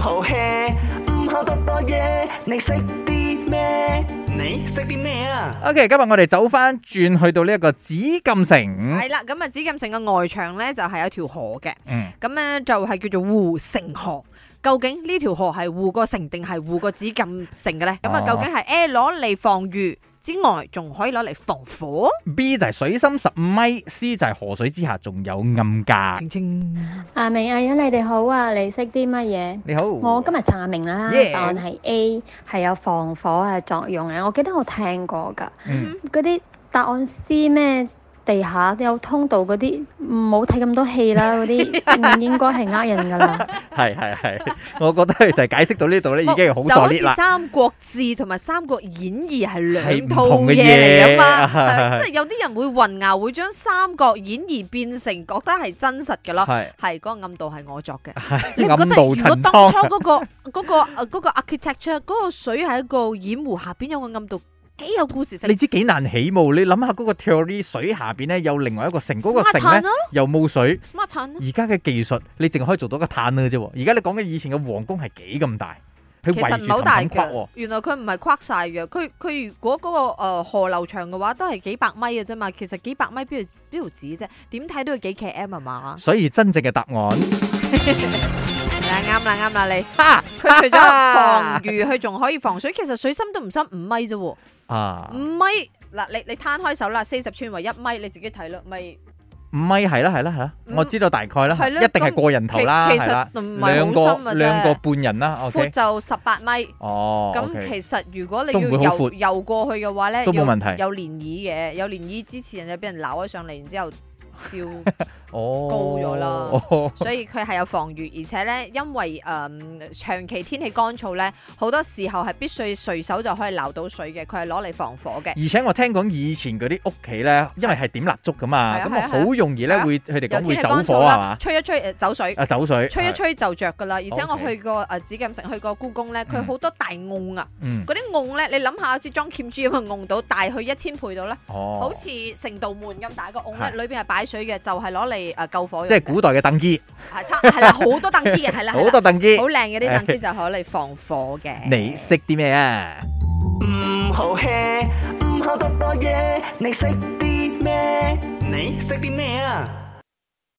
好 hea，唔好得多嘢。你識啲咩？你識啲咩啊？OK，今日我哋走翻轉去到呢一個紫禁城。係啦，咁啊紫禁城嘅外牆咧就係、是、有條河嘅。嗯，咁咧就係叫做護城河。究竟呢條河係護個城定係護個紫禁城嘅咧？咁啊、哦，究竟係誒攞嚟防禦？之外，仲可以攞嚟防火。B 就係水深十五米，C 就係河水之下仲有暗格。阿明阿勇，你哋好啊！你識啲乜嘢？你好，我今日查明啦，答案係 A，係有防火嘅作用嘅。我記得我聽過㗎，嗰啲答案 C 咩？地下都有通道嗰啲，唔好睇咁多戲啦，嗰啲唔應該係呃人噶啦。係係係，我覺得佢就係解釋到呢度咧，已經係好在啲啦。就好似《三國志》同埋《三國演義》係兩套嘢嚟嘅嘛，即係有啲人會混淆，會將《三國演義》變成覺得係真實嘅咯。係係，嗰個暗道係我作嘅。你覺得如果當初嗰個嗰個嗰個 architecture 嗰個水係一個掩護下邊有個暗道？幾有故事性，你知幾難起霧？你諗下嗰個 y 水下邊咧有另外一個成功 Smart, 個城又冇水。smart 而家嘅技術，你淨係可以做到一個碳嘅啫。而家你講嘅以前嘅皇宮係幾咁大，佢圍住好大塊。原來佢唔係闊晒嘅。佢佢如果嗰個誒、呃、河流長嘅話，都係幾百米嘅啫嘛。其實幾百米邊條邊條紙啫？點睇都要幾 K M 啊嘛。所以真正嘅答案。 啱啦啱啦，你佢 除咗防御，佢仲可以防水。其實水深都唔深五米啫喎，五米嗱，你你攤開手啦，四十吋為一米，你自己睇咯，咪五米係啦係啦係啦，我知道大概啦，嗯、一定係個人頭啦，其實唔係好深。兩個兩個半人啦，闊、okay、就十八米哦。咁、okay、其實如果你要游游過去嘅話咧，都冇問題，有漣漪嘅，有漣漪支持人就俾人撈咗上嚟，然之後跳。 高咗啦，所以佢係有防禦，而且咧，因為誒長期天氣乾燥咧，好多時候係必須隨手就可以撈到水嘅，佢係攞嚟防火嘅。而且我聽講以前嗰啲屋企咧，因為係點蠟燭噶嘛，咁好容易咧會，佢哋講會走火，吹一吹誒走水，啊，走水，吹一吹就着噶啦。而且我去過誒紫禁城，去過故宮咧，佢好多大甕啊，嗰啲甕咧，你諗下好似裝鉛柱咁樣，甕到大去一千倍度咧，好似成道門咁大個甕咧，裏邊係擺水嘅，就係攞嚟。誒，救火！即係古代嘅凳機，係啦，好多凳機嘅，係啦 了，好多凳機，好靚嘅啲凳機就可嚟防火嘅。 你識啲咩啊？你